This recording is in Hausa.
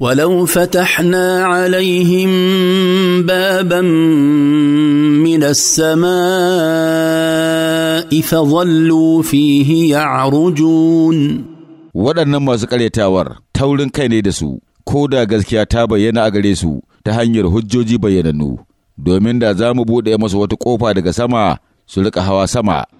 ولو فتحنا عليهم بابا من السماء فظلوا فيه يعرجون waɗannan masu ƙaryatawar taurin kai ne da su ko da gaskiya ta bayyana a gare su ta hanyar hujjoji bayyanannu domin da za mu buɗe masu wata ƙofa daga sama su riƙa hawa sama